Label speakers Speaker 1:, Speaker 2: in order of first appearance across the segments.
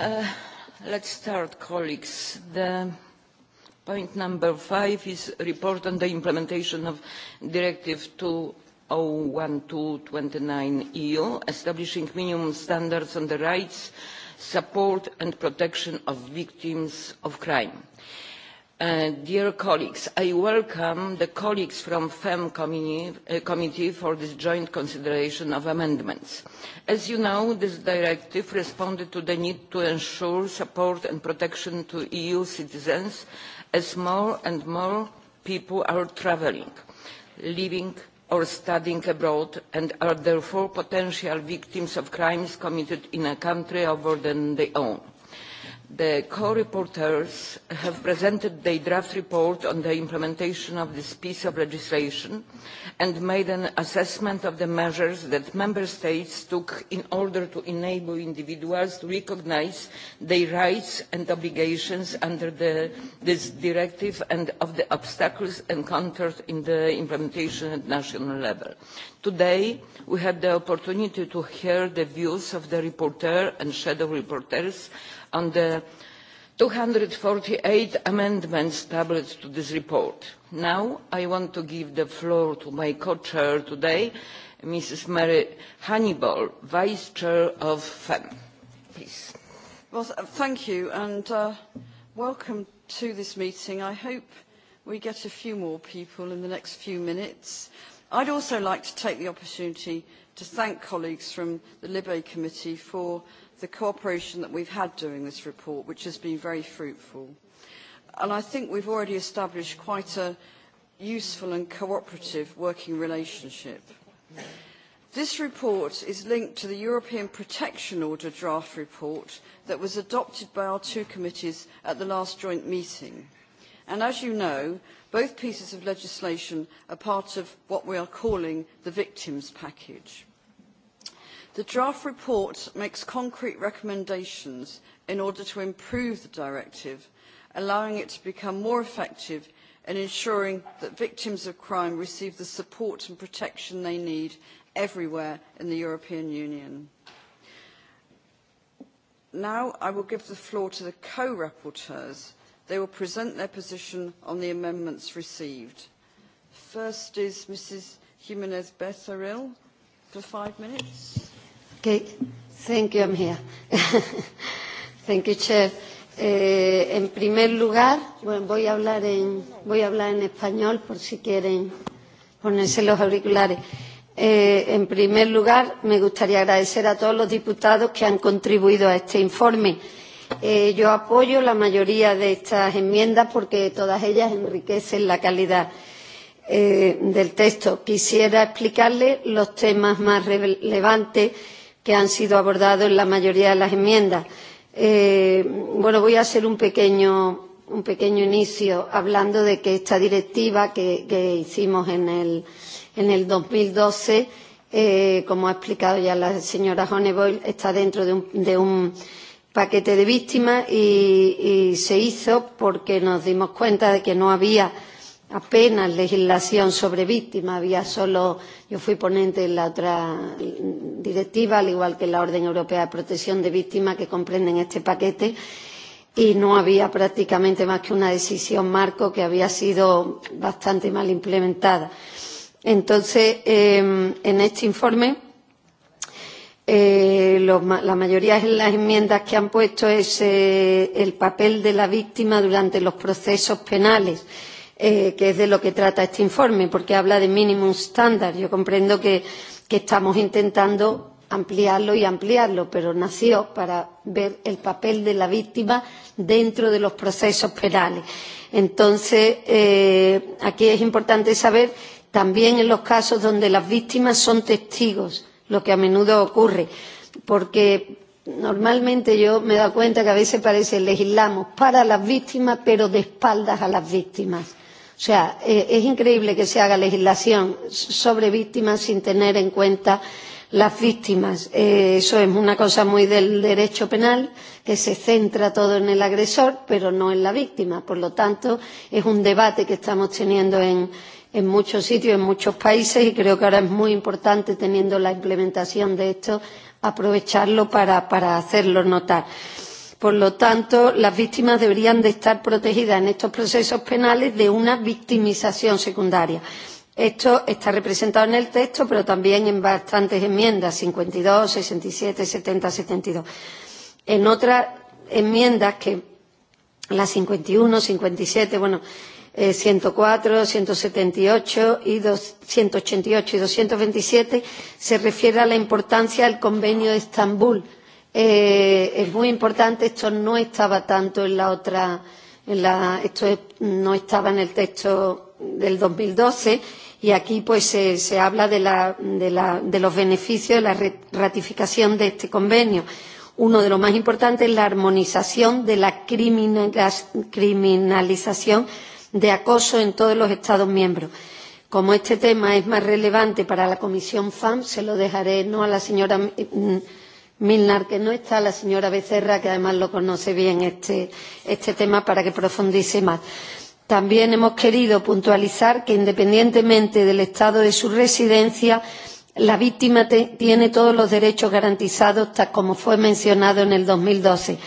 Speaker 1: Uh, let's start, colleagues. The point number five is report on the implementation of Directive two oh twenty nine EU, establishing minimum standards on the rights, support and protection of victims of crime Uh, dear colleagues i welcome the colleagues from the femm uh, committee for this joint consideration of amendments. as you know this directive responded to the need to ensure support and protection to eu citizens as more and more people are travelling living or studying abroad and are therefore potential victims of crimes committed in a country other than their own the co rapporteurs have presented their draft report on the implementation of this piece of legislation and made an assessment of the measures that member states took in order to enable individuals to recognise their rights and obligations under this directive and of the obstacles encountered in the implementation at national level. today we had the opportunity to hear the views of the rapporteur and shadow rapporteurs on the two hundred and forty eight amendments tabled to this report. now i want to give the floor to my co chair today ms mary honeyball vice chair of femm. please.
Speaker 2: thank you and uh, welcome to this meeting. i hope we get a few more people in the next few minutes. i'd also like to take the opportunity to thank colleagues from the libe committee for the cooperation that we've had during this report, which has been very fruitful. And I think we've already established quite a useful and cooperative working relationship. This report is linked to the European Protection Order draft report that was adopted by our two committees at the last joint meeting. And as you know, both pieces of legislation are part of what we are calling the victims package. The draft report makes concrete recommendations in order to improve the directive, allowing it to become more effective in ensuring that victims of crime receive the support and protection they need everywhere in the European Union. Now I will give the floor to the co-rapporteurs. They will present their position on the amendments received. First is Mrs. Jimenez Becerril for five minutes.
Speaker 3: Okay. Thank you, I'm Thank you, Chair. Eh, en primer lugar, bueno, voy, a hablar en, voy a hablar en español por si quieren ponerse los auriculares. Eh, en primer lugar, me gustaría agradecer a todos los diputados que han contribuido a este informe. Eh, yo apoyo la mayoría de estas enmiendas porque todas ellas enriquecen la calidad eh, del texto. Quisiera explicarles los temas más relevantes que han sido abordados en la mayoría de las enmiendas. Eh, bueno, voy a hacer un pequeño, un pequeño inicio hablando de que esta directiva que, que hicimos en el, en el 2012, eh, como ha explicado ya la señora Honeboy, está dentro de un, de un paquete de víctimas y, y se hizo porque nos dimos cuenta de que no había apenas legislación sobre víctimas, había solo, yo fui ponente en la otra directiva, al igual que la Orden Europea de Protección de Víctimas que comprenden este paquete, y no había prácticamente más que una decisión marco que había sido bastante mal implementada. Entonces, en este informe, eh, la mayoría de las enmiendas que han puesto es eh, el papel de la víctima durante los procesos penales eh, que es de lo que trata este informe, porque habla de minimum standard. Yo comprendo que, que estamos intentando ampliarlo y ampliarlo, pero nació para ver el papel de la víctima dentro de los procesos penales. Entonces, eh, aquí es importante saber también en los casos donde las víctimas son testigos, lo que a menudo ocurre, porque normalmente yo me he cuenta que a veces parece legislamos para las víctimas, pero de espaldas a las víctimas o sea, e, es increíble que se haga legislación sobre víctimas sin tener en cuenta las víctimas. Eh, eso es una cosa muy del derecho penal, que se centra todo en el agresor, pero no en la víctima. Por lo tanto, es un debate que estamos teniendo en, en muchos sitios, en muchos países, y creo que ahora es muy importante, teniendo la implementación de esto, aprovecharlo para, para hacerlo notar. Por lo tanto, las víctimas deberían de estar protegidas en estos procesos penales de una victimización secundaria. Esto está representado en el texto, pero también en bastantes enmiendas, 52, 67, 70, 72. En otras enmiendas que las 51, 57, bueno, eh, 104, 178 y 288 y 227 se refiere a la importancia del convenio de Estambul eh, es muy importante esto no estaba tanto en la otra en la, esto es, no estaba en el texto del 2012 y aquí pues se, se habla de, la, de, la, de los beneficios de la ratificación de este convenio uno de los más importantes es la armonización de la criminalización de acoso en todos los estados miembros. como este tema es más relevante para la comisión FAM, se lo dejaré no a la señora mm, Milnar, que no está, la señora Becerra, que además lo conoce bien este, este tema, para que profundice más. También hemos querido puntualizar que, independientemente del estado de su residencia, la víctima tiene todos los derechos garantizados, tal como fue mencionado en el 2012.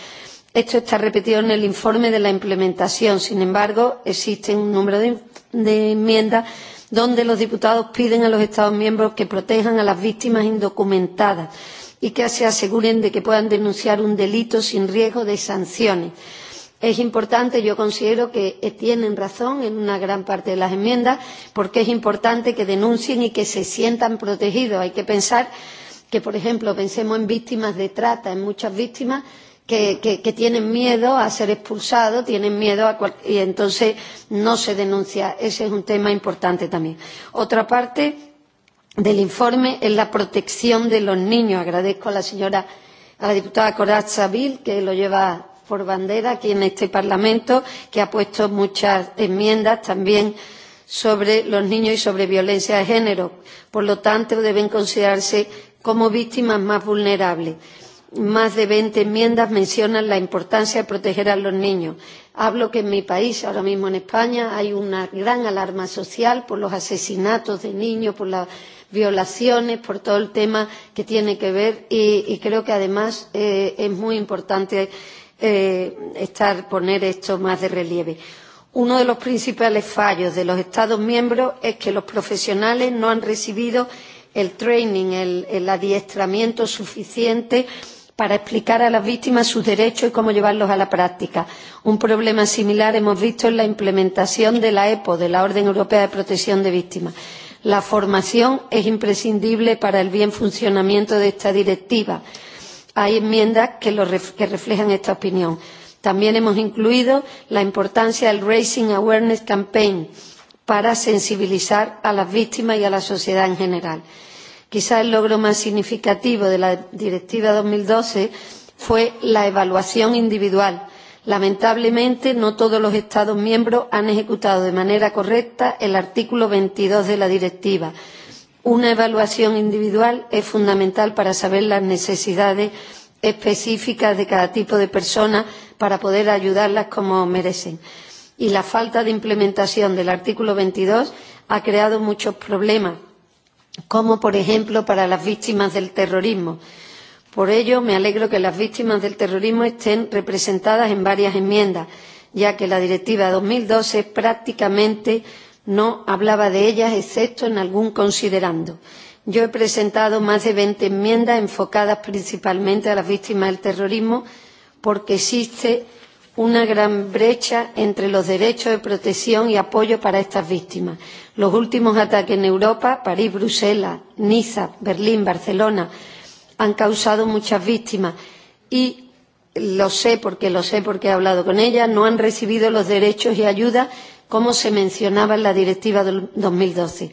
Speaker 3: Esto está repetido en el informe de la implementación. Sin embargo, existen un número de enmiendas donde los diputados piden a los Estados miembros que protejan a las víctimas indocumentadas y que se aseguren de que puedan denunciar un delito sin riesgo de sanciones. Es importante, yo considero que eh, tienen razón en una gran parte de las enmiendas, porque es importante que denuncien y que se sientan protegidos. Hay que pensar que, por ejemplo, pensemos en víctimas de trata, en muchas víctimas que, tienen miedo a ser expulsados, tienen miedo y entonces no se denuncia. Ese es un tema importante también. Otra parte del informe es la protección de los niños. Agradezco a la señora, a la diputada Corazza Bill, que lo lleva por bandera aquí en este Parlamento, que ha puesto muchas enmiendas también sobre los niños y sobre violencia de género. Por lo tanto, deben considerarse como víctimas más vulnerables. Más de veinte enmiendas mencionan la importancia de proteger a los niños. Hablo que en mi país, ahora mismo en España, hay una gran alarma social por los asesinatos de niños, por la violaciones, por todo el tema que tiene que ver y, y creo que además eh, es muy importante eh, estar, poner esto más de relieve. Uno de los principales fallos de los Estados miembros es que los profesionales no han recibido el training, el, el adiestramiento suficiente para explicar a las víctimas sus derechos y cómo llevarlos a la práctica. Un problema similar hemos visto en la implementación de la EPO, de la Orden Europea de Protección de Víctimas. La formación es imprescindible para el bien funcionamiento de esta directiva. Hay enmiendas que, lo que reflejan esta opinión. También hemos incluido la importancia del Racing Awareness Campaign para sensibilizar a las víctimas y a la sociedad en general. Quizá el logro más significativo de la Directiva 2012 fue la evaluación individual Lamentablemente, no todos los Estados miembros han ejecutado de manera correcta el artículo 22 de la directiva. Una evaluación individual es fundamental para saber las necesidades específicas de cada tipo de persona para poder ayudarlas como merecen. Y la falta de implementación del artículo 22 ha creado muchos problemas, como por ejemplo para las víctimas del terrorismo Por ello, me alegro que las víctimas del terrorismo estén representadas en varias enmiendas, ya que la Directiva 2012 prácticamente no hablaba de ellas, excepto en algún considerando. Yo he presentado más de 20 enmiendas enfocadas principalmente a las víctimas del terrorismo, porque existe una gran brecha entre los derechos de protección y apoyo para estas víctimas. Los últimos ataques en Europa, París, Bruselas, Niza, Berlín, Barcelona, han causado muchas víctimas y lo sé porque lo sé porque he hablado con ellas no han recibido los derechos y ayuda como se mencionaba en la directiva del 2012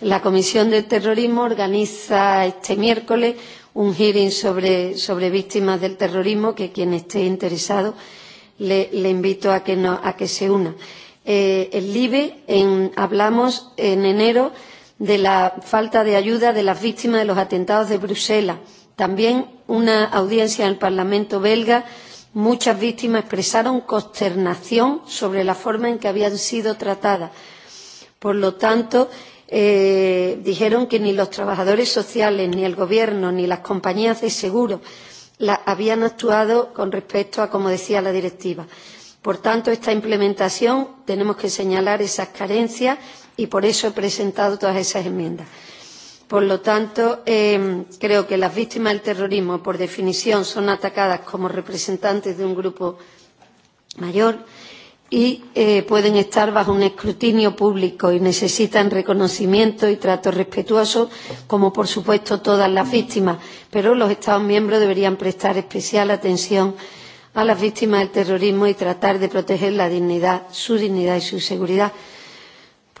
Speaker 3: la comisión de terrorismo organiza este miércoles un hearing sobre sobre víctimas del terrorismo que quien esté interesado le, le invito a que no, a que se una eh, el libe en hablamos en enero de la falta de ayuda de las víctimas de los atentados de Bruselas. También una audiencia en el Parlamento belga muchas víctimas expresaron consternación sobre la forma en que habían sido tratadas. Por lo tanto, eh, dijeron que ni los trabajadores sociales, ni el Gobierno, ni las compañías de seguro la, habían actuado con respecto a, como decía la directiva. Por tanto, esta implementación tenemos que señalar esas carencias y por eso he presentado todas esas enmiendas. Por lo tanto, eh, creo que las víctimas del terrorismo, por definición, son atacadas como representantes de un grupo mayor y eh, pueden estar bajo un escrutinio público y necesitan reconocimiento y trato respetuoso, como por supuesto todas las víctimas. Pero los Estados miembros deberían prestar especial atención a las víctimas del terrorismo y tratar de proteger la dignidad, su dignidad y su seguridad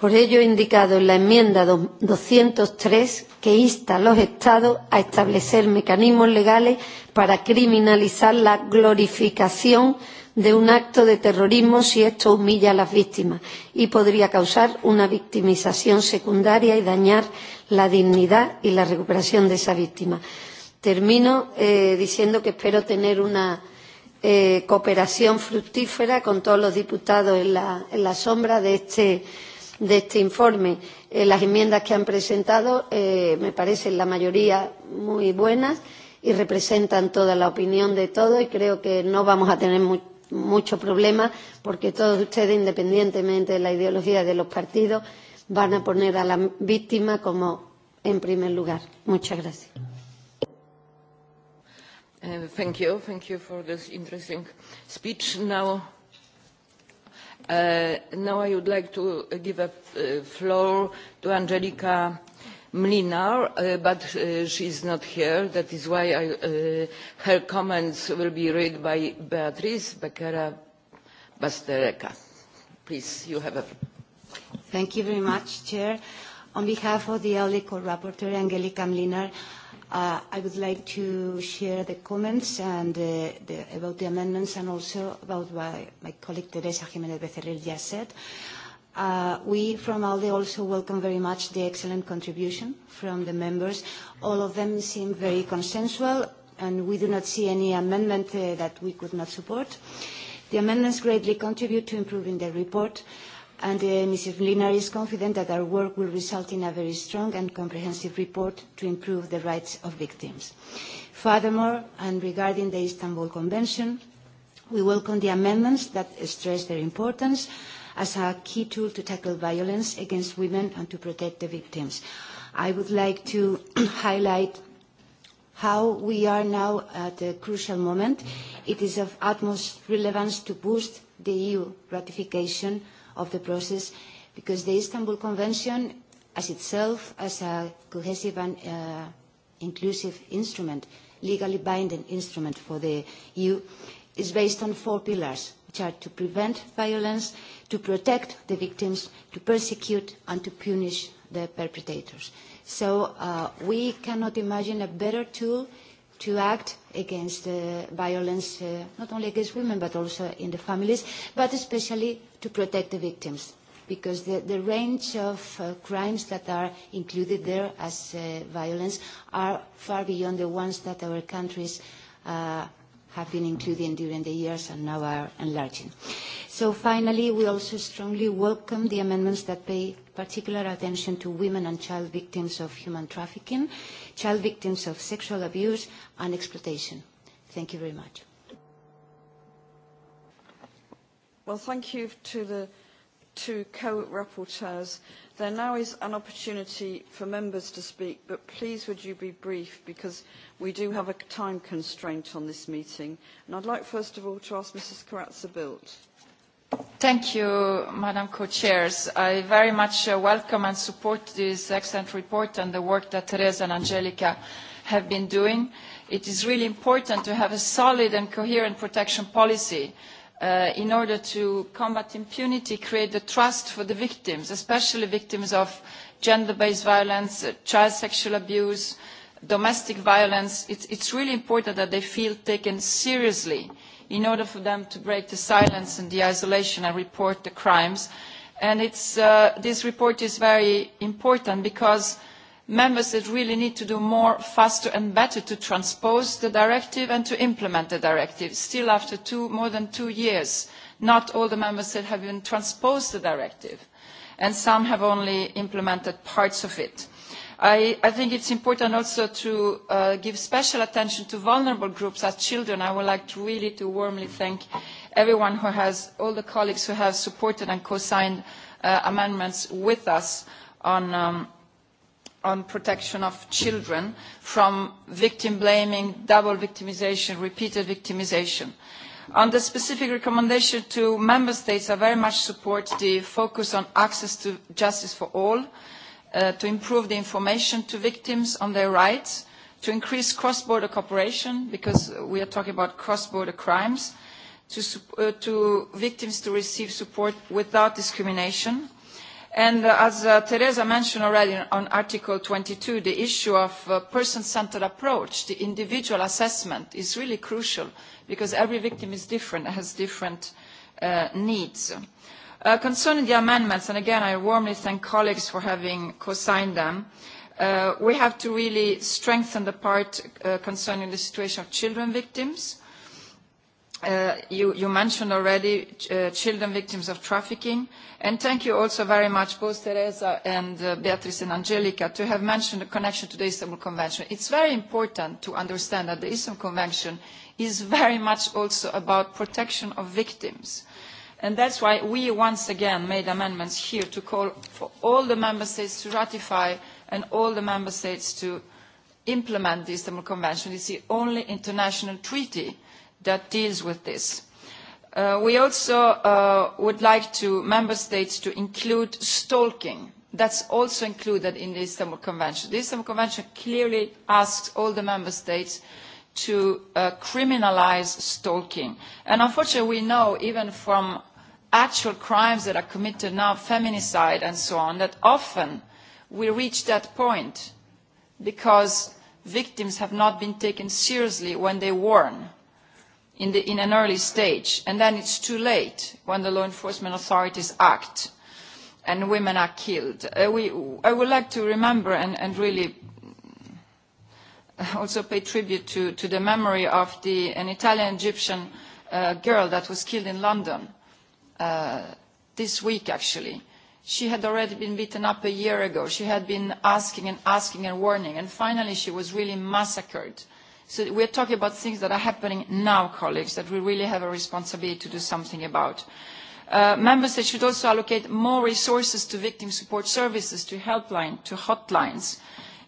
Speaker 3: Por ello he indicado en la enmienda 203 que insta a los Estados a establecer mecanismos legales para criminalizar la glorificación de un acto de terrorismo si esto humilla a las víctimas y podría causar una victimización secundaria y dañar la dignidad y la recuperación de esa víctima. Termino eh, diciendo que espero tener una eh, cooperación fructífera con todos los diputados en la, en la sombra de este de este informe. Eh, las enmiendas que han presentado eh, me parecen la mayoría muy buenas y representan toda la opinión de todos y creo que no vamos a tener mucho problema porque todos ustedes, independientemente de la ideología de los partidos, van a poner a la víctima como en primer lugar. Muchas gracias.
Speaker 1: Eh, thank you. Thank you for this interesting speech. Now Uh, now I would like to give a uh, floor to Angelika Mlinar, uh, but she is not here. That is why her comments will be read by Beatrice Becerra
Speaker 4: Bastereka. Please, you have Thank you very much, Chair. On behalf of the ALDE co-rapporteur, Angelika Mlinar, Uh, I would like to share the comments and uh, the, about the amendments and also about what my colleague Teresa Jiménez Becerril just said. Uh, we from ALDE also welcome very much the excellent contribution from the members. All of them seem very consensual and we do not see any amendment that we could not support. The amendments greatly contribute to improving the report and uh, is confident that our work will result in a very strong and comprehensive report to improve the rights of victims. Furthermore, and regarding the Istanbul Convention, we welcome the amendments that stress their importance as a key tool to tackle violence against women and to protect the victims. I would like to highlight how we are now at a crucial moment. It is of utmost relevance to boost the EU ratification of the process because the Istanbul Convention as itself as a cohesive and uh, inclusive instrument, legally binding instrument for the EU, is based on four pillars, which are to prevent violence, to protect the victims, to persecute and to punish the perpetrators. So uh, we cannot imagine a better tool to act against uh, violence, uh, not only against women, but also in the families, but especially to protect the victims, because the, the range of uh, crimes that are included there as uh, violence are far beyond the ones that our countries uh, have been including during the years and now are enlarging. So finally, we also strongly welcome the amendments that pay particular attention to women and child victims of human trafficking, child victims of sexual abuse and exploitation. Thank you very much.
Speaker 2: Well, thank you to the two co-rapporteurs. There now is an opportunity for members to speak, but please would you be brief because we do have a time constraint on this meeting. And I'd like first of all to ask Mrs. Corazza bilt
Speaker 5: Thank you, Madam co Chair, I very much uh, welcome and support this excellent report and the work that Teresa and Angelica have been doing. It is really important to have a solid and coherent protection policy uh, in order to combat impunity, create the trust for the victims, especially victims of gender-based violence, uh, child sexual abuse, domestic violence. It is really important that they feel taken seriously in order for them to break the silence and the isolation and report the crimes. Uh, this report is very important because member states really need to do more faster and better to transpose the directive and to implement the directive. still after more than two years not all the member states have even transposed the directive and some have only implemented parts of it. I, think it is important also to uh, give special attention to vulnerable groups as children. I would like to really to warmly thank everyone who has, all the colleagues who have supported and co-signed uh, amendments with us um, on, protection of children from victim blaming, double victimization, repeated victimisation. On the specific recommendation to member states, I very much support the focus on access to justice for all Uh, to improve the information to victims on their rights, to increase cross-border cooperation, because we are talking about cross-border crimes, to, uh, to victims to receive support without discrimination. And uh, as uh, Teresa mentioned already on Article 22, the issue of uh, person-centered approach, the individual assessment is really crucial because every victim is different, has different needs. Uh, concerning the amendments, and again, I warmly thank colleagues for having co-signed them, uh, we have to really strengthen the part uh, concerning the situation of children victims. You, you mentioned already children victims of trafficking, and thank you also very much, both Teresa and Beatrice and Angelica, to have mentioned the connection to the Istanbul Convention. It's very important to understand that the Istanbul Convention is very much also about protection of victims and is why we once again made amendments here to call for all the member states to ratify and all the member states to implement the istanbul convention. It is the only international treaty that deals with this. Uh, we also uh, would like member states to include stalking That is also included in the istanbul convention. the istanbul convention clearly asks all the member states to uh, criminalise stalking and unfortunately we know even from actual crimes that are committed now, feminicide and so on, that often we reach that point because victims have not been taken seriously when they warn in, in an early stage. And then it's too late when the law enforcement authorities act and women are killed. Uh, I would like to remember and, and really also pay tribute to, to the memory of the, an Italian-Egyptian uh, girl that was killed in London Uh, this week actually she had already been beaten up a year ago she had been asking and asking and warning and finally she was really massacred so we are talking about things that are happening now colleagues that we really have a responsibility to do something about uh, member states should also allocate more resources to victim support services to helpline to hotlines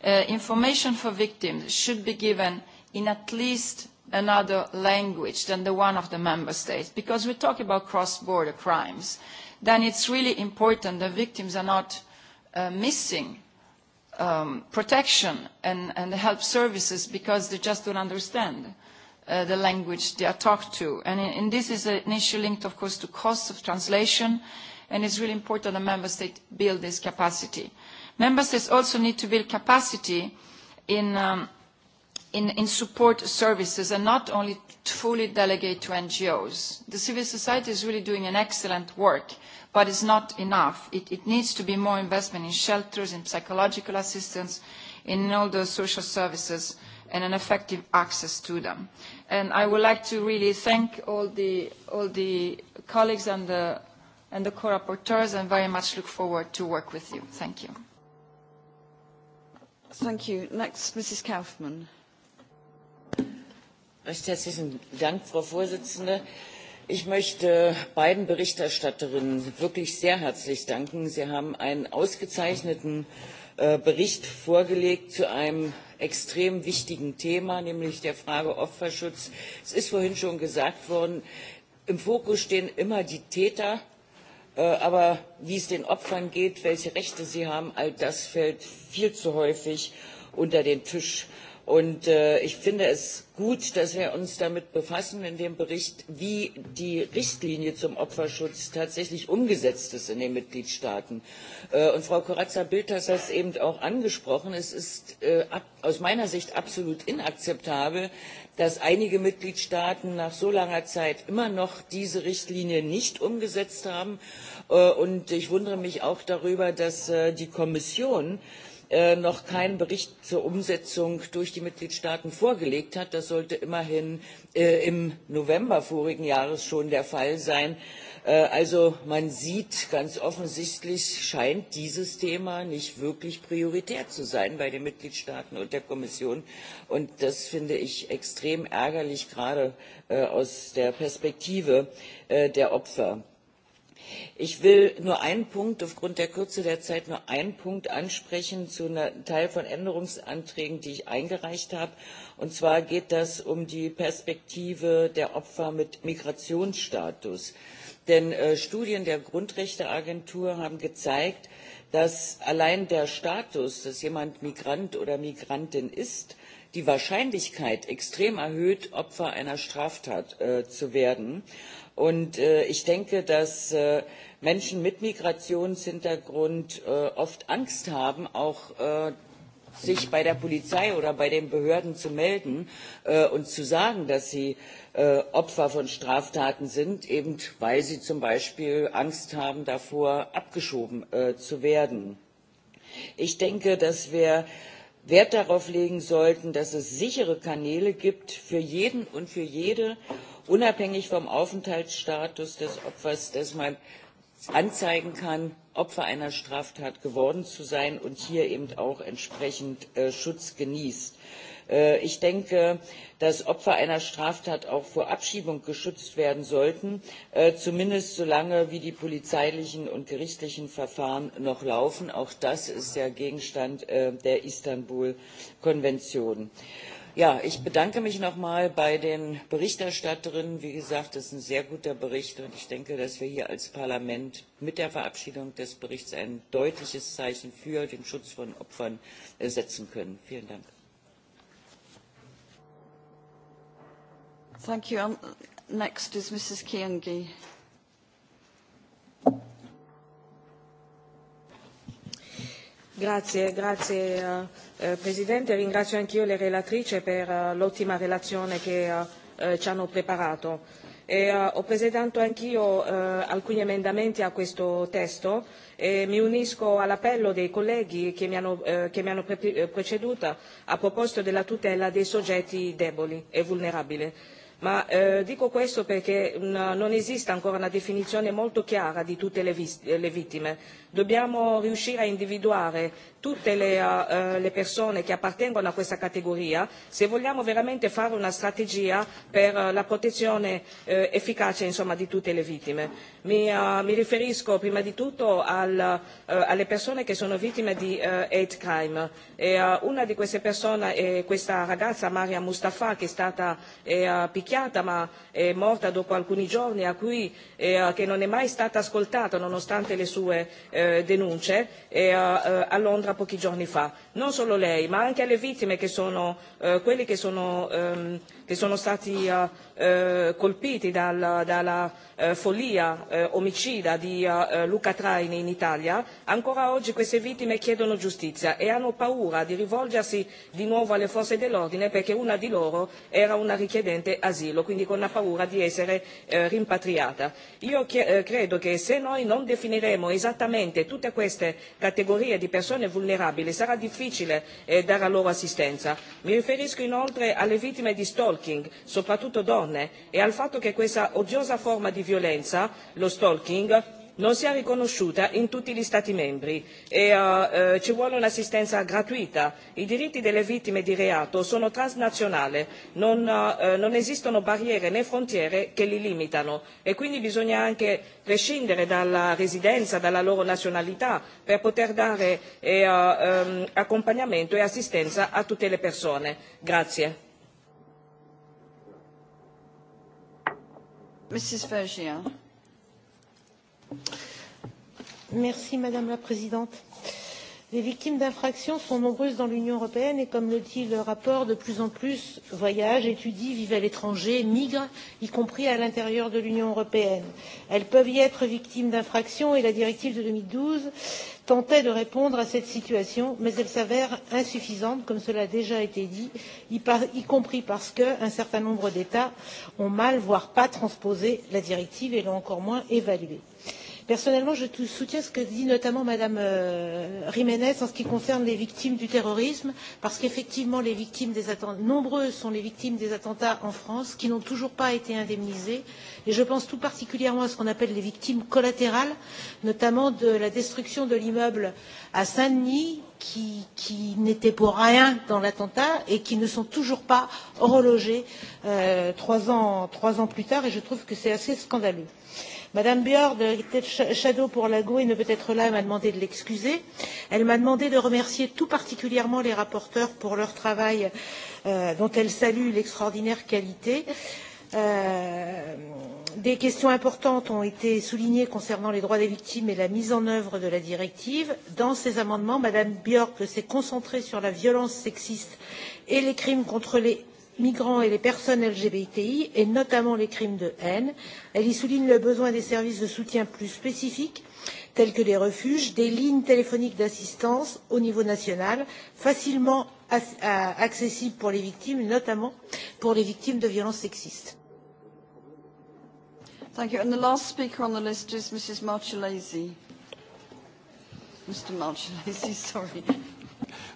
Speaker 5: uh, information for victims should be given in at least another language than the one of the member states because we talk about cross border crimes then it's really important that victims are not uh, missing um, protection and, help services because they just don't understand uh, the language they are talked to and, this is an issue linked of course to cost of translation and it is really important that member states build this capacity member states also need to build capacity in um, in, in support services and not only fully delegate to NGOs. The civil society is really doing an excellent work, but it's not enough. It, it needs to be more investment in shelters, in psychological assistance, in all the social services and an effective access to them. And I would like to really thank all the, all the colleagues and the, and the co-rapporteurs and very much look forward to work with you. Thank you. Thank you. Next, Mrs. Kaufman
Speaker 6: Recht herzlichen Dank, Frau Vorsitzende. Ich möchte beiden Berichterstatterinnen wirklich sehr herzlich danken. Sie haben einen ausgezeichneten äh, Bericht vorgelegt zu einem extrem wichtigen Thema, nämlich der Frage Opferschutz. Es ist vorhin schon gesagt worden, im Fokus stehen immer die Täter, äh, aber wie es den Opfern geht, welche Rechte sie haben, all das fällt viel zu häufig unter den Tisch und äh, ich finde es gut dass wir uns damit befassen in dem bericht wie die richtlinie zum opferschutz tatsächlich umgesetzt ist in den mitgliedstaaten. Äh, und frau corazza bildt hat das eben auch angesprochen es ist äh, aus meiner sicht absolut inakzeptabel dass einige mitgliedstaaten nach so langer zeit immer noch diese richtlinie nicht umgesetzt haben äh, und ich wundere mich auch darüber dass die kommission Äh, noch keinen bericht zur umsetzung durch die mitgliedstaaten vorgelegt hat das sollte immerhin äh, im november vorigen jahres schon der fall sein. Äh, also man sieht ganz offensichtlich scheint dieses thema nicht wirklich prioritär zu sein bei den mitgliedstaaten und der kommission und das finde ich extrem ärgerlich gerade aus der perspektive der opfer. Ich will nur einen Punkt, aufgrund der Kürze der Zeit nur einen Punkt ansprechen zu einem Teil von Änderungsanträgen, die ich eingereicht habe. Und zwar geht das um die Perspektive der Opfer mit Migrationsstatus. Denn äh, Studien der Grundrechteagentur haben gezeigt, dass allein der Status, dass jemand Migrant oder Migrantin ist, die Wahrscheinlichkeit extrem erhöht, Opfer einer Straftat äh, zu werden und äh, ich denke dass äh, menschen mit migrationshintergrund äh, oft angst haben auch sich bei der polizei oder bei den behörden zu melden und zu sagen dass sie opfer von straftaten sind eben weil sie zum beispiel angst haben davor abgeschoben zu werden. ich denke dass wir wert darauf legen sollten dass es sichere kanäle gibt für jeden und für jede unabhängig vom aufenthaltsstatus des opfers dass man anzeigen kann opfer einer straftat geworden zu sein und hier eben auch entsprechend äh, schutz genießt. Äh, ich denke dass opfer einer straftat auch vor abschiebung geschützt werden sollten äh, zumindest solange wie die polizeilichen und gerichtlichen verfahren noch laufen. auch das ist ja gegenstand der istanbul konvention ich bedanke mich noch mal bei den Berichterstatterinnen. Wie gesagt, es ist ein sehr guter Bericht und ich denke, dass wir hier als Parlament mit der Verabschiedung des Berichts ein deutliches Zeichen für den Schutz von Opfern äh, setzen können. Vielen Dank.
Speaker 2: Um,
Speaker 7: Grazie, grazie eh, eh, Presidente, ringrazio anch'io le relatrici per eh, l'ottima relazione che eh, eh, ci hanno preparato. E, ho presentato anch'io alcuni emendamenti a questo testo e mi unisco all'appello dei colleghi che mi hanno, che mi hanno preceduta a proposito della tutela dei soggetti deboli e vulnerabili ma dico questo perché mm, non esiste ancora una definizione molto chiara di tutte le vittime dobbiamo riuscire a individuare tutte eh, eh, le, persone che appartengono a questa categoria se vogliamo veramente fare una strategia per eh, la protezione efficace insomma, di tutte le vittime. mi, riferisco prima di tutto alle persone che sono vittime di hate crime e una di queste persone è questa ragazza maria mustafa che è stata picchiata ma è morta dopo alcuni giorni a cui che non è mai stata ascoltata nonostante le sue Eh, denunce eh, eh, a, Londra pochi giorni fa non solo lei ma anche alle vittime che sono quelli che sono ehm, che sono stati eh, eh, colpiti dalla eh, follia omicida di Luca Traini in Italia, ancora oggi queste vittime chiedono giustizia e hanno paura di rivolgersi di nuovo alle forze dell'ordine perché una di loro era una richiedente asilo, quindi con la paura di essere rimpatriata. Io credo che se noi non definiremo esattamente tutte queste categorie di persone vulnerabili sarà difficile dare a loro assistenza. Mi riferisco inoltre alle vittime di stalking soprattutto donne e al fatto che questa odiosa forma di violenza lo stalking non sia riconosciuta in tutti gli stati membri e eh, eh, ci vuole un'assistenza gratuita i diritti delle vittime di reato sono transnazionali eh, non, esistono barriere né frontiere che li limitano e quindi bisogna anche prescindere dalla residenza dalla loro nazionalità per poter dare ehm, accompagnamento e assistenza a tutte le persone. Mrs. Vergia.
Speaker 8: Merci, Madame la Présidente les victimes d'infractions sont nombreuses dans l'union européenne et comme le dit le rapport de plus en plus voyagent étudient vivent à l'étranger migrent y compris à l'intérieur de l'union européenne. elles peuvent y être victimes d'infractions et la directive de deux mille douze tentait de répondre à cette situation mais elle s'avère insuffisante comme cela a déjà été dit y compris parce qu'un certain nombre d'états ont mal voire pas transposé la directive et l'ont encore moins évaluée personnellement je soutiens ce que dit notamment mme euh, jiménez en ce qui concerne les victimes du terrorisme parce qu'effectivement les victimes des attentats nombreuses sont les victimes des attentats en france qui n'ont toujours pas été indemnisées et je pense tout particulièrement à ce qu'on appelle les victimes collatérales notamment de la destruction de l'immeuble à saint denis qui, qui n'étaient pour rien dans l'attentat et qui ne sont toujours pas relogés euh, trois, ans, trois ans plus tard et je trouve que c'est assez scandaleux. Madame Bjord, était shadow pour la GUE et ne peut être là, m'a demandé de l'excuser. Elle m'a demandé de remercier tout particulièrement les rapporteurs pour leur travail euh, dont elle salue l'extraordinaire qualité. Euh, des questions importantes ont été soulignées concernant les droits des victimes et la mise en œuvre de la directive. Dans ces amendements, Madame Björk s'est concentrée sur la violence sexiste et les crimes contre les migrants et les personnes LGBTI, et notamment les crimes de haine. Elle y souligne le besoin des services de soutien plus spécifiques, tels que les refuges, des lignes téléphoniques d'assistance au niveau national, facilement accessibles pour les victimes, notamment pour les victimes de violences sexistes. Thank you. the last
Speaker 2: speaker on the list is Mrs. Mr. sorry.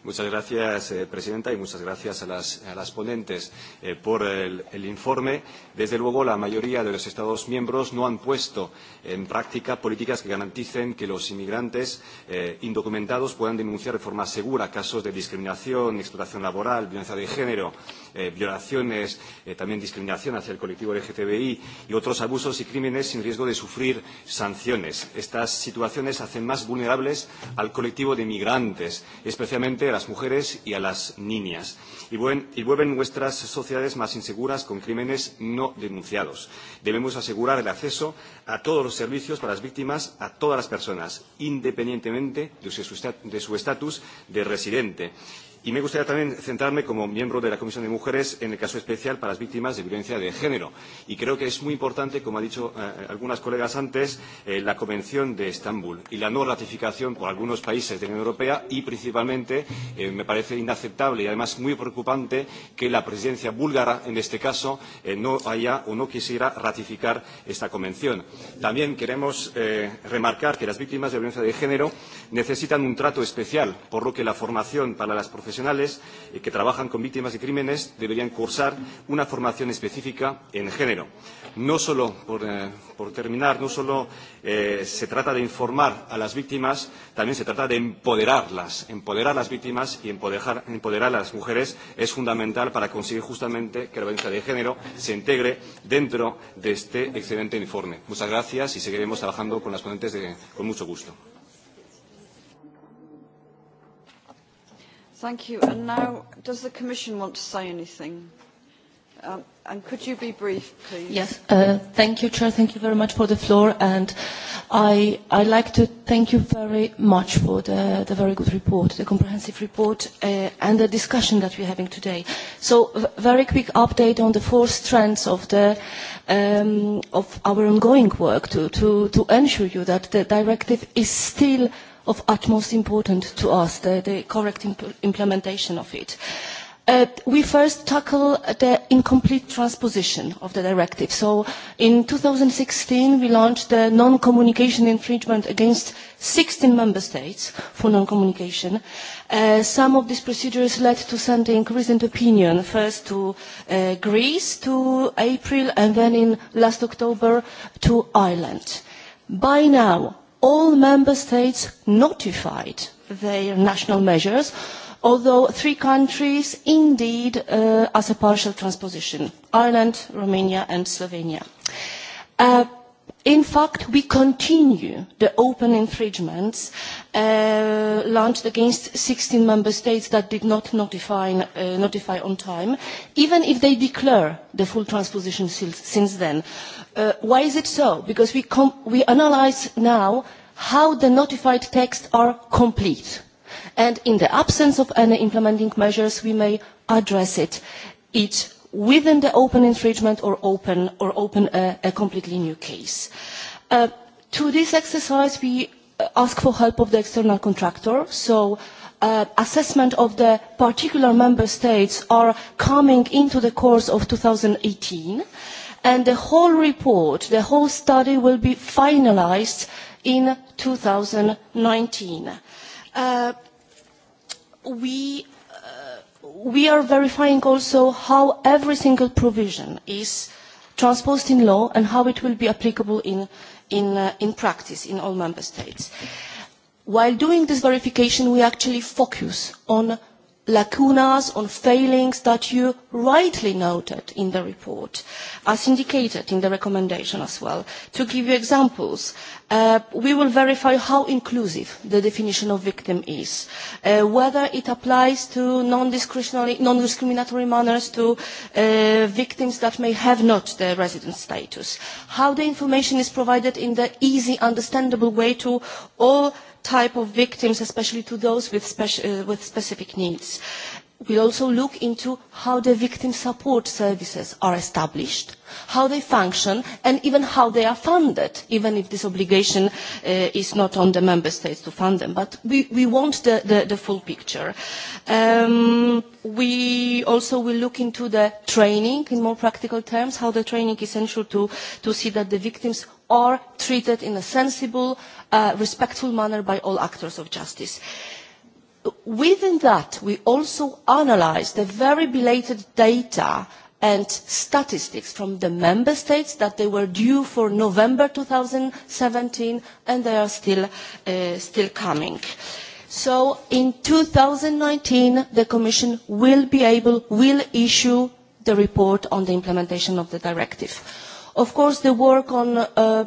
Speaker 9: Muchas gracias, eh, Presidenta, y muchas gracias a las, a las ponentes eh, por el, el informe. Desde luego, la mayoría de los Estados miembros no han puesto en práctica políticas que garanticen que los inmigrantes eh, indocumentados puedan denunciar de forma segura casos de discriminación, explotación laboral, violencia de género, eh, violaciones, eh, también discriminación hacia el colectivo LGTBI y otros abusos y crímenes sin riesgo de sufrir sanciones. Estas situaciones hacen más vulnerables al colectivo de migrantes, especialmente especialmente a las mujeres y a las niñas, y vuelven nuestras sociedades más inseguras con crímenes no denunciados. Debemos asegurar el acceso a todos los servicios para las víctimas, a todas las personas, independientemente de su estatus de residente. Y me gustaría también centrarme como miembro de la Comisión de Mujeres en el caso especial para las víctimas de violencia de género. Y creo que es muy importante, como han dicho eh, algunas colegas antes, eh, la Convención de Estambul y la no ratificación por algunos países de la Unión Europea y principalmente eh, me parece inaceptable y además muy preocupante que la presidencia búlgara en este caso no haya o no quisiera ratificar esta convención. También queremos remarcar que las víctimas de violencia de género necesitan un trato especial, por lo que la formación para las profesionales que trabajan con víctimas de crímenes deberían cursar una formación específica en género. No solo, por, eh, terminar, no solo eh, se trata de informar a las víctimas, también se trata de empoderarlas. Empoderar a las víctimas y empoderar, empoderar a las mujeres es fundamental para conseguir justamente que la violencia de género se integre dentro de este excelente informe. Muchas gracias y seguiremos trabajando con las ponentes de, con mucho gusto.
Speaker 2: Thank you. And now, does the Commission want to say anything? Um, and could you be brief, please? Yes.
Speaker 10: Uh, thank you, Chair. Thank you very much for the floor. And I, I'd like to thank you very much for the, the very good report, the comprehensive report, uh, and the discussion that we're having today. So, very quick update on the four strands of, the, um, of our ongoing work to, to, to ensure you that the directive is still – of utmost importance to us, the, the correct imp implementation of it. Uh, we first tackle the incomplete transposition of the directive. So in 2016, we launched the non-communication infringement against 16 member states for non-communication. Uh, some of these procedures led to sending recent opinion first to uh, Greece to April and then in last October to Ireland. By now, all member states notified their national measures although three countries indeed uh, as a partial transposition Ireland Romania and Slovenia uh, in fact we continue the open infringements uh, launched against 16 member states that did not notify, uh, notify on time even if they declare the full transposition since then why is it so because we, we analyse now how the notified texts are complete and in the absence of any implementing measures we may address it either within the open infringement or open or open a, completely new case. Uh, to this exercise we uh, ask for help of the external contractor so uh, assessment of the particular member states are coming into the course of 2018 and the whole report the whole study will be finalised in 2019. Uh, we, uh, we are verifying also how every single provision is transposed in law and how it will be applicable in uh, practice in all member states. While doing this verification, we actually focus on lacunas on failings that you rightly noted in the report as indicated in the recommendation as well. to give you examples uh, we will verify how inclusive the definition of victim is uh, whether it applies to non, discriminatory manners to uh, victims that may have not the resident status how the information is provided in the easy understandable way to all type of victims especially to those with, uh, with specific needs We will also look into how the victim support services are established, how they function and even how they are funded, even if this obligation uh, is not on the Member States to fund them. But we, we want the, the, full picture. Um, we also will look into the training in more practical terms, how the training is essential to, to see that the victims are treated in a sensible, uh, respectful manner by all actors of justice within that we also analyse the very belated data and statistics from the member states that they were due for november 2017 and they are still uh, still coming so in 2019 the commission will be able will issue the report on the implementation of the directive of course the work on uh,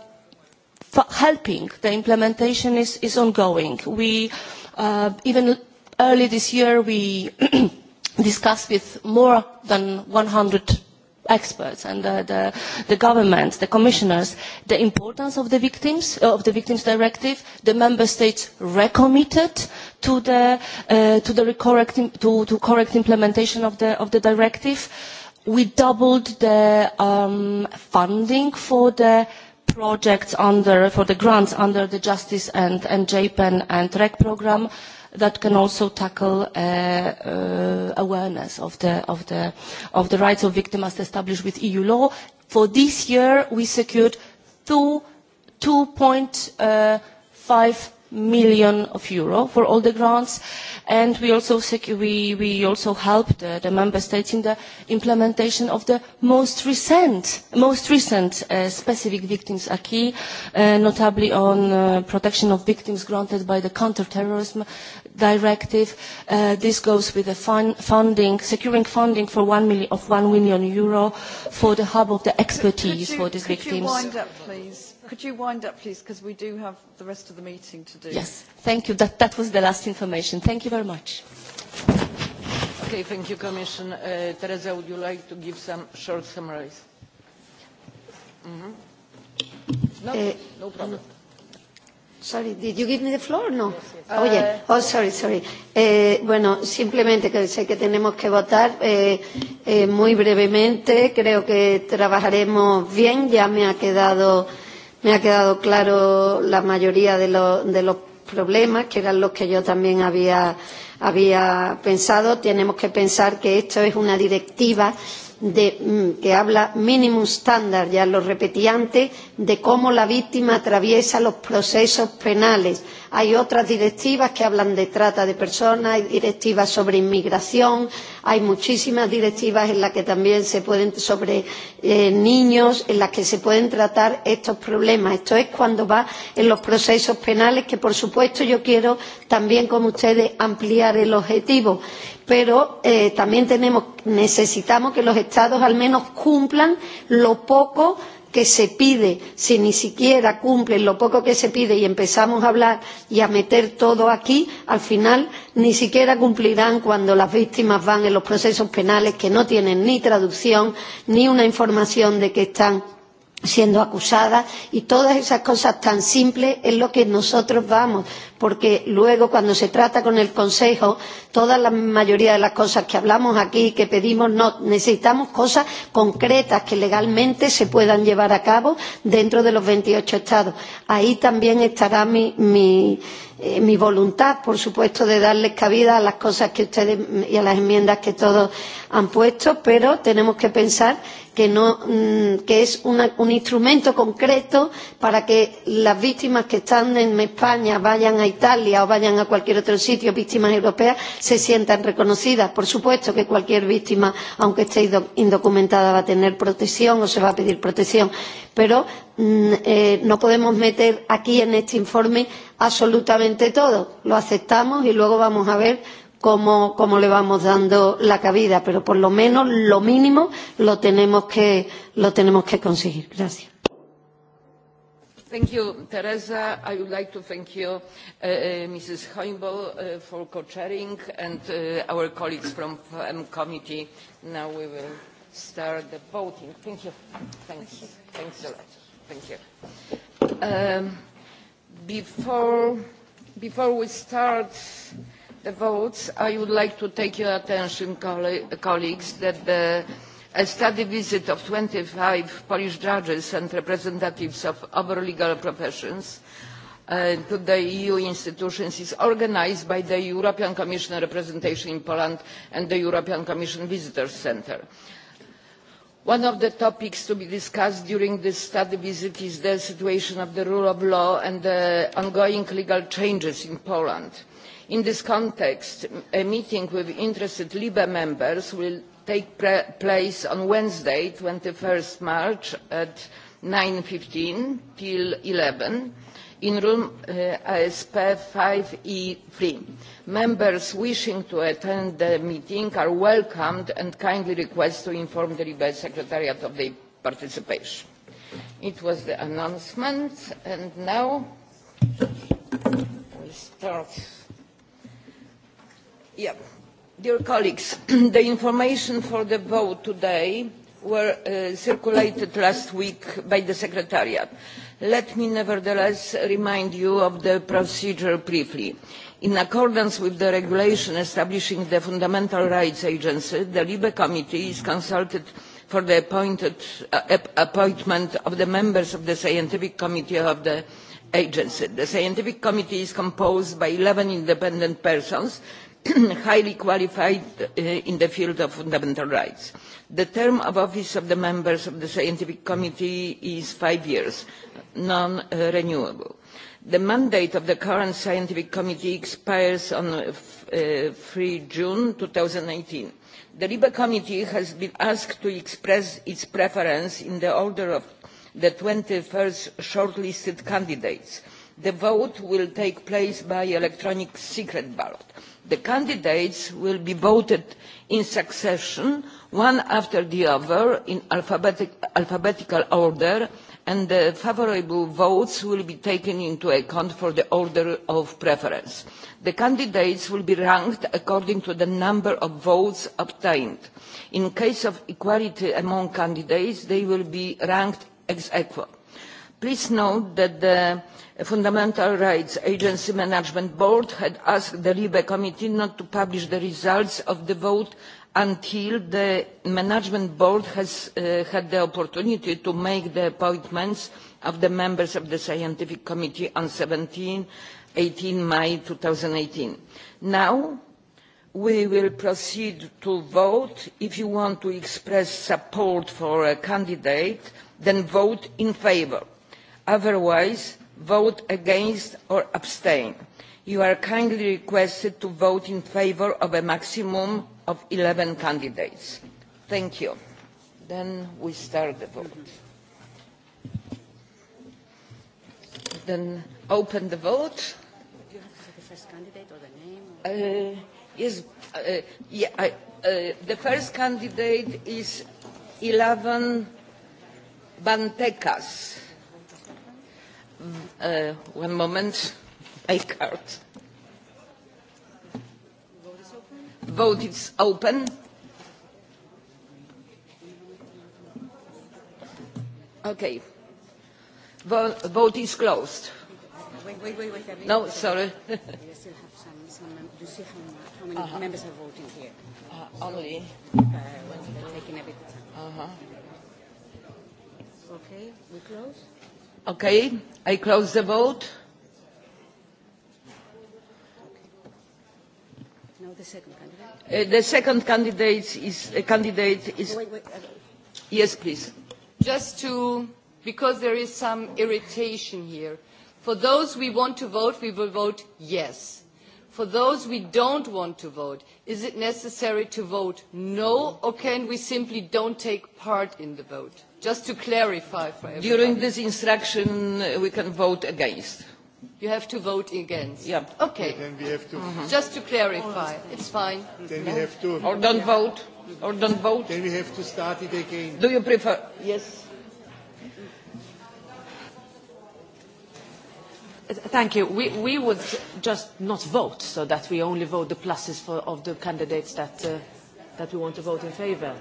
Speaker 10: helping the implementation is ongoing we uh, even Early this year, we discussed with more than 100 experts and the, governments, the commissioners, the importance of the victims, uh, of the victims directive. The member states recommitted to the, uh, to the correct, to, correct implementation of the, of the directive. We doubled the um, funding for the projects under, for the grants under the Justice and, and JPEN and REC programme that can also tackle uh, uh, awareness of the, of, the, of the rights of victims as established with EU law. For this year, we secured two, 2.5 million of euro for all the grants and we also we, we also help the, member states in the implementation of the most recent most recent uh, specific victims acquis uh, notably on uh, protection of victims granted by the counter terrorism directive uh, this goes with the funding securing funding for 1 million of one million euro for the hub of the expertise for these could victims you wind
Speaker 2: up, please? Could you wind up, please, because we do have the rest of the meeting to do. Yes,
Speaker 10: thank you. That, that was the last information. Thank you very much.
Speaker 2: Okay, thank you, Commission. Uh, Teresa, would you like to give
Speaker 1: some short summaries? Mm -hmm.
Speaker 3: No, uh, no problem. Sorry, did you give me the floor? No. Yes, Oye, oh, yeah. Uh, oh, sorry, sorry. Eh, bueno, simplemente que sé que tenemos que votar eh, eh, muy brevemente. Creo que trabajaremos bien. Ya me ha quedado me ha quedado claro la mayoría de, lo, de los problemas, que eran los que yo también había, había pensado. Tenemos que pensar que esto es una directiva de, mm, que habla minimum standard, ya lo repetí antes, de cómo la víctima atraviesa los procesos penales hay otras directivas que hablan de trata de personas hay directivas sobre inmigración hay muchísimas directivas en las que también se pueden sobre eh, niños en las que se pueden tratar estos problemas esto es cuando va en los procesos penales que por supuesto yo quiero también como ustedes ampliar el objetivo pero eh, también tenemos necesitamos que los estados al menos cumplan lo poco que se pide si ni siquiera cumplen lo poco que se pide y empezamos a hablar y a meter todo aquí al final ni siquiera cumplirán cuando las víctimas van en los procesos penales que no tienen ni traducción ni una información de que están siendo acusadas y todas esas cosas tan simples es lo que nosotros vamos porque luego cuando se trata con el Consejo, toda la mayoría de las cosas que hablamos aquí, que pedimos, no, necesitamos cosas concretas que legalmente se puedan llevar a cabo dentro de los veintiocho Estados. Ahí también estará mi, mi, eh, mi voluntad, por supuesto, de darles cabida a las cosas que ustedes y a las enmiendas que todos han puesto, pero tenemos que pensar que, no, mm, que es un instrumento concreto para que las víctimas que están en España vayan a Italia o vayan a cualquier otro sitio, víctimas europeas, se sientan reconocidas. Por supuesto que cualquier víctima, aunque esté indocumentada, va a tener protección o se va a pedir protección. Pero mm, eh, no podemos meter aquí en este informe absolutamente todo. Lo aceptamos y luego vamos a ver cómo, cómo le vamos dando la cabida. Pero por lo menos lo mínimo lo tenemos que, lo tenemos que conseguir. Gracias.
Speaker 1: Thank you, Teresa. I would like to thank you, uh, uh, Mrs. Hoimbo, uh, for co-chairing and our colleagues from the committee. Now we will start the voting. Thank you. Thanks. Thanks a lot. Thank you. Um, before, before we start the votes, I would like to take your attention, colleagues, that the a study visit of twenty five polish judges and representatives of other legal professions uh, to the eu institutions is organised by the european commission representation in poland and the european commission visitors centre. one of the topics to be discussed during this study visit is the situation of the rule of law and the ongoing legal changes in poland. in this context a meeting with interested libe members will take place on wednesday twenty one march at nine fifteen till eleven in room uh, asp five e three. members wishing to attend the meeting are welcomed and kindly request to inform the libe secretariat of their participation. it was the announcement and now we start. Yep. Dear colleagues, the information for the vote today were uh, circulated last week by the Secretariat. Let me nevertheless remind you of the procedure briefly. In accordance with the regulation establishing the Fundamental Rights Agency, the LIBE Committee is consulted for the appointed, uh, appointment of the members of the Scientific Committee of the agency. The Scientific Committee is composed by 11 independent persons highly qualified uh, in the field of fundamental rights. The term of office of the members of the scientific committee is five years, non-renewable. The mandate of the current scientific committee expires on uh, uh, two thousand June eighteen. The LIBE committee has been asked to express its preference in the order of the twenty first shortlisted candidates. The vote will take place by electronic secret ballot the candidates will be voted in succession one after the other in alphabetical order and the favourable votes will be taken into account for the order of preference. the candidates will be ranked according to the number of votes obtained. in case of equality among candidates they will be ranked ex equal please note that the fundamental rights agency management board had asked the libe committee not to publish the results of the vote until the management board has uh, had the opportunity to make the appointments of the members of the scientific committee on seventeen eighteen may. two thousand and eighteen now we will proceed to vote. if you want to express support for a candidate then vote in favour otherwise vote against or abstain. you are kindly requested to vote in favour of a maximum of eleven candidates. thank you. then we start the vote. then open the vote. Uh, yes, uh, yeah, I, uh, the first candidate is 11 Bantekas. Uh, one moment. I card. Vote is open. Okay. Vote is
Speaker 4: closed. Wait, wait, wait, No, sorry. we still have some, some you see how, many uh-huh. members are voting here. Uh, only. Uh, taking a bit of time. Uh -huh.
Speaker 3: Okay, we close.
Speaker 1: Okay, I close the vote.
Speaker 4: the second candidate. Uh, the second
Speaker 1: candidate is uh, candidate is. yes, please. Just to because there is some irritation here. For those we want to vote, we will vote yes for those we don't want to vote is it necessary to vote no or can we simply don't take part in the vote? just to clarify for everyone. during this instruction uh, we can vote against. you have to vote against? yeah. okay. to... Mhm. just to clarify. it's fine. then we have to... or don't vote. or don't vote. then we have to start it
Speaker 10: again. do you prefer? yes. Thank you. We, we would just not vote so that we only vote the pluses for, of the candidates that, uh, that we want to vote in favour.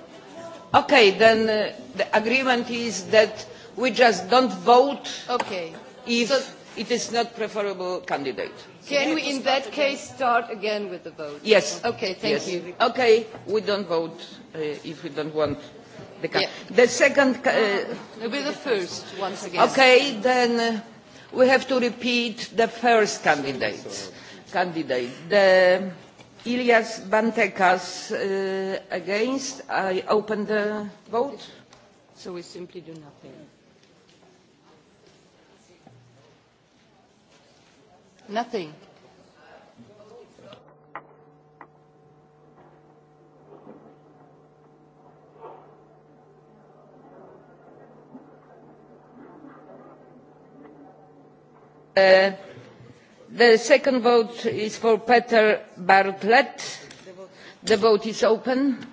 Speaker 10: Okay,
Speaker 1: then uh, the agreement is that we just don't vote okay. if so, it is not preferable candidate. So can we, we in
Speaker 4: that again? case start again with the vote? Yes. Okay, thank yes. you.
Speaker 1: Okay, we don't vote uh, if we don't want the candidate. Yeah. The second... Uh, will be the first, once again. Okay, then... Uh, we have to repeat the first candidates. candidate. The Ilias Bantekas uh, against. I open the vote. So we simply do nothing. Nothing. Uh, the second vote is for Peter Bartlett. The vote is open.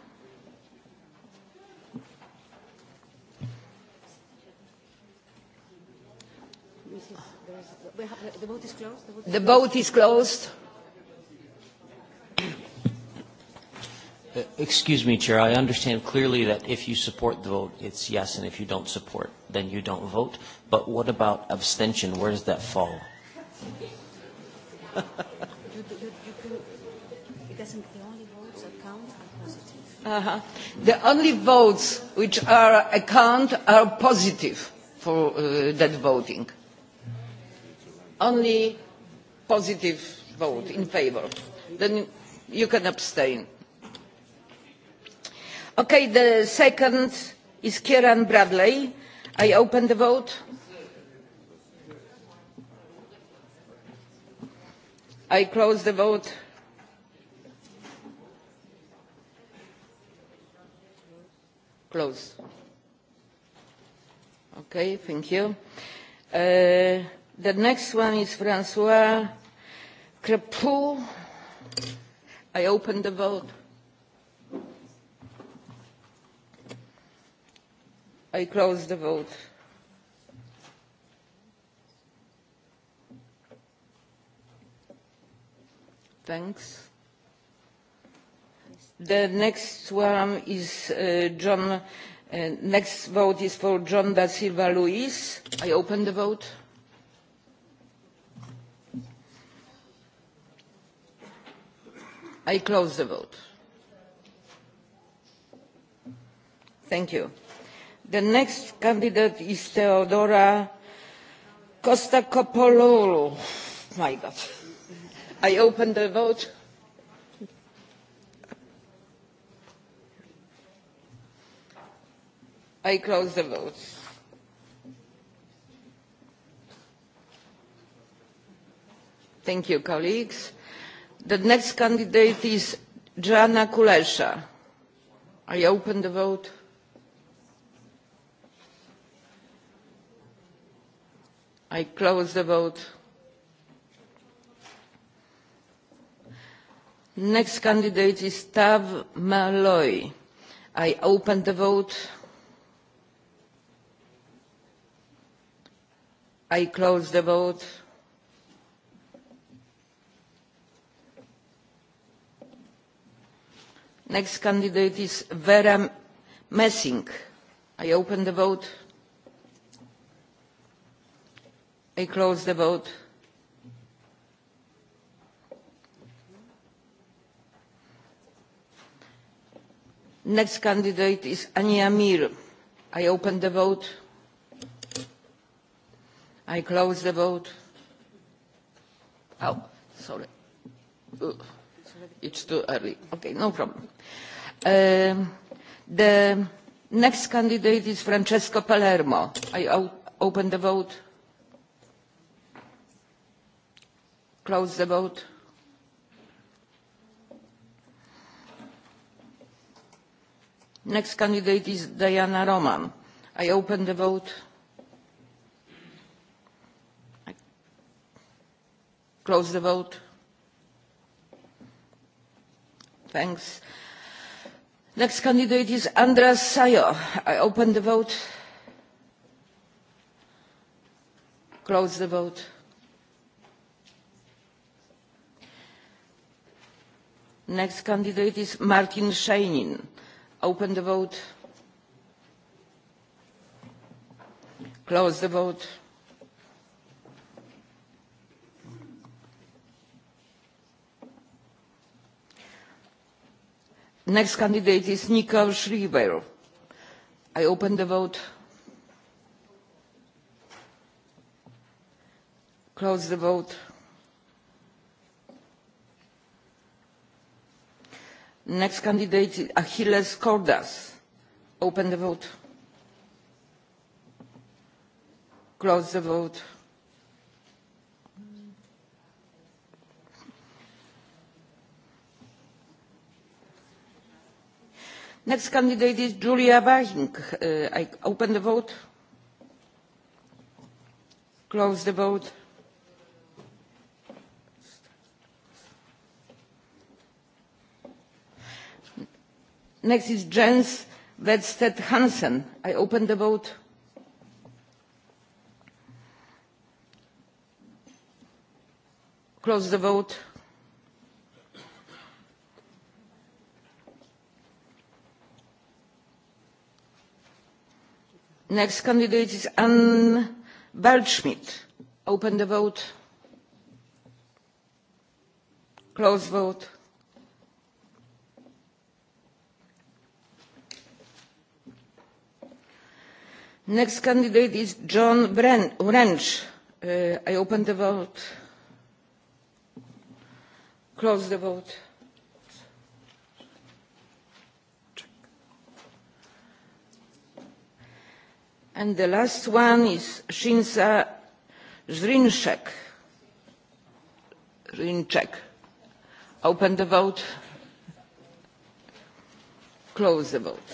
Speaker 1: The vote is closed.
Speaker 6: Uh, excuse me, Chair. I understand clearly that if you support the vote, it's yes, and if you don't support, then you don't vote. But what about abstention? Where does
Speaker 1: that fall? Uh -huh. The only votes which are account are positive for uh, that voting. Only positive vote in favor. Then you can abstain. Okay, the second is Kieran Bradley. I open the vote. I close the vote. Close. Okay, thank you. Uh, the next one is Francois Crepeau. I open the vote. I close the vote. Thanks. The next one is uh, John. Uh, next vote is for John da Silva Luis. I open the vote. I close the vote. Thank you. The next candidate is Theodora Costa My God. I open the vote. I close the vote. Thank you, colleagues. The next candidate is Joanna Kulesza. I open the vote. i close the vote. next candidate is tav malloy. i open the vote. i close the vote. next candidate is vera messing. i open the vote. I close the vote. Next candidate is Ania Mir. I open the vote. I close the vote. Oh, sorry. It's too early. Okay, no problem. Um, the next candidate is Francesco Palermo. I open the vote. Close the vote. Next candidate is Diana Roman. I open the vote. close the vote. Thanks. Next candidate is Andras Sayo. I open the vote. Close the vote. Next candidate is Martin Scheinin. Open the vote. Close the vote. Next candidate is Nicole Schreiber. I open the vote. Close the vote. Next candidate is Achilles Cordas. Open the vote. Close the vote. Next candidate is Julia Wahing. Uh, I open the vote. Close the vote. next is jens Vedsted hansen. i open the vote. close the vote. next candidate is anne waldschmidt. open the vote. close vote. Next candidate is John Wrench. Uh, I open the vote. Close the vote. And the last one is Shinsa Zrinczek. Zrinczek. Open the vote. Close the vote.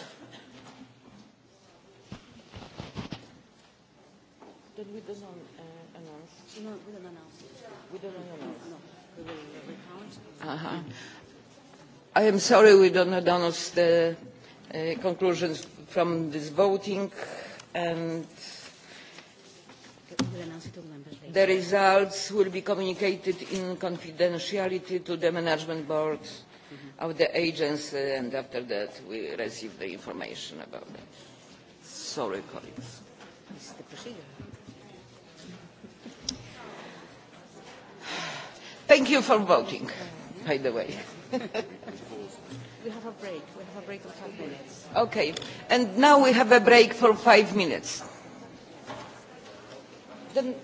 Speaker 1: But we don't uh, announce.
Speaker 2: No, we don't announce. We don't announce. No, we will recount. Uh -huh.
Speaker 1: I am sorry we don't announce the uh, conclusions from this voting and the results will be communicated in confidentiality to the management board mm-hmm. of the agency and after that we receive the information about that. Sorry, colleagues.
Speaker 8: This is the procedure.
Speaker 1: Thank you for voting, by the way.
Speaker 8: we
Speaker 10: have a break. We have a break of five minutes.
Speaker 1: Okay. And now we have a break for five minutes. Then